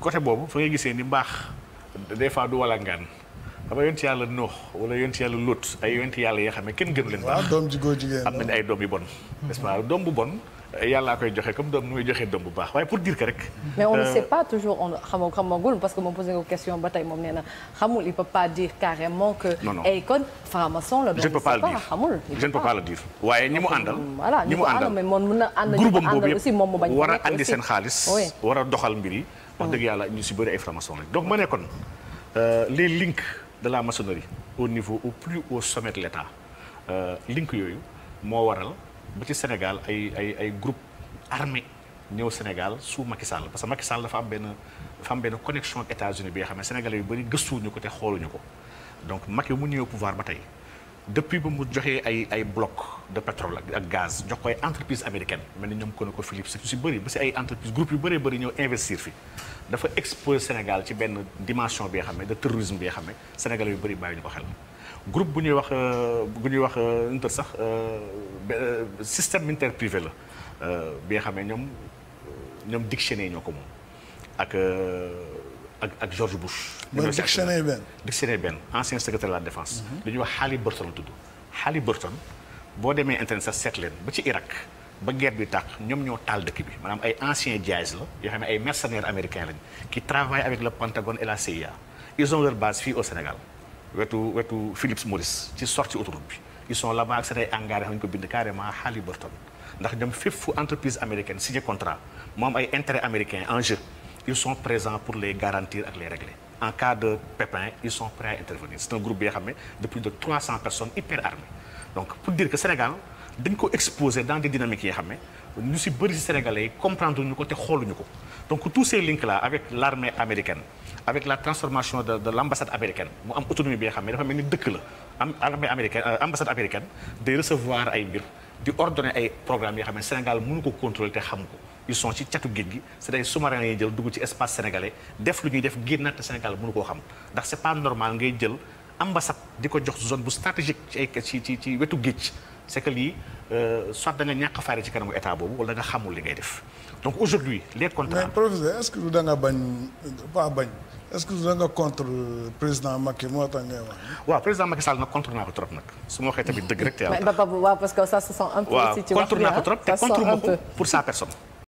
côté boobu fa ngay gisee ni mbaax des fois du walangaan xam nga yonti yàlla noox wala yonti yàlla lóot ay yonti yàlla yoo xam ne kenn gën leen baax doom ji góor jigéen am nañ ay doom yu bon nest doom bu bon yàllaa koy joxe comme doom muy joxe doom bu baax waaye pour dire que rek. mais on ne euh, sait pas toujours on parce que moom posé ko question ba tey moom nee na xamul il peut pas dire carrément que. non non Akon la. je ne peux pas le dire waaye ñi mu àndal. voilà ñi mu àndal mais na ànd. groupe am boobu yëpp war a andi seen xaalis. oui war a doxal mbir yi. wax dëgg yàlla ñu si bëri ay franc-maçon lañ donc ma ne kon euh, les links de la maçonnerie au niveau au plus haut sommet de l'État euh, link yooyu moo ba ci Sénégal ay ay ay groupe armé ñëw Sénégal sous Macky Sall parce que Macky Sall dafa am benn dafa am benn connexion ak États-Unis bi nga xam ne Sénégalais yu bëri gëstuwuñu ko te xooluñu ko donc Macky mu ñëw pouvoir ba tey depuis ba mu joxee ay ay bloc de pétrole ak gaz jox ko ay entreprise américaine mel ni ñoom Conoco Phillips si bëri ba si ay entreprise groupe yu bëree bëri ñëw investir fi dafa exposé Sénégal ci benn dimension bi nga xam ne de terrorisme bi nga xam ne Sénégal yu bëri bàyyi ñu ko xel groupe bu ñuy wax euh, bu ñuy wax euh, nta sax euh, système militaire privé la bi nga xam ne ñoom ñoom dictionné ñoo ko moom ak ak ak George Bush. mooy benn dictionnaire benn ancien secrétaire de la défense. Mhm. li ñuy wax Haly Burton la tudd. Haly Burton boo demee internet sax seet leen ba ci Irak ba guerre bi tàq ñoom ñoo taal dëkk bi maanaam ay anciens GIES la yoo xam ne ay mercenaires américains lañ qui travaillent avec le Pentagone et la CIA ils ont leur base fii au Sénégal wetu wetu Philips Morris ci sortie autoroute bi ils sont là-bas ak ay engrais xam ñu ko bind carrément Haly Burton ndax ñoom fépp fu entreprise américaine signé contrat moom ay intérêt américain ils sont présents pour les garantir ak les régler en cas de pépin ils sont prêts à intervenir c'est un groupe bi nga xam ne de plus de 300 personnes hyper armées donc pour dire que Sénégal dañ ko exposé dans des dynamiques yoo xam ne ñu si bëri si sénégalais yi comprendre ñu ko te xooluñu ko donc tous ces links là avec l'armée américaine avec la transformation de de l'ambassade américaine mu am autonomie bi nga xam ne dafa mel ni dëkk la am armée di ordonner ay programme yoo xam ne Sénégal mënu ko contrôler te xam ko ils sont ci catu géej gi c'est ay sous-marins yi jël dugg ci espace sénégalais def lu ñuy def génnaat te Sénégal mënu koo xam ndax c'est pas normal ngay jël ambassade di ko jox zone bu stratégique ci ay ci ci ci wetu géej c' que lii euh, soit da nga ñàkk a faare ci kanamu état boobu wala nga xamul li ngay def donc aujourd'hui les contrats. mais professeur est ce que du da nga bañ pas bañ est ce que du da contre président Macky moo tax président Macky Sall nag contre naa ko trop nag su ma waxee tamit dëgg rek. te yàlla que ça se contre naa ko pour sa personne.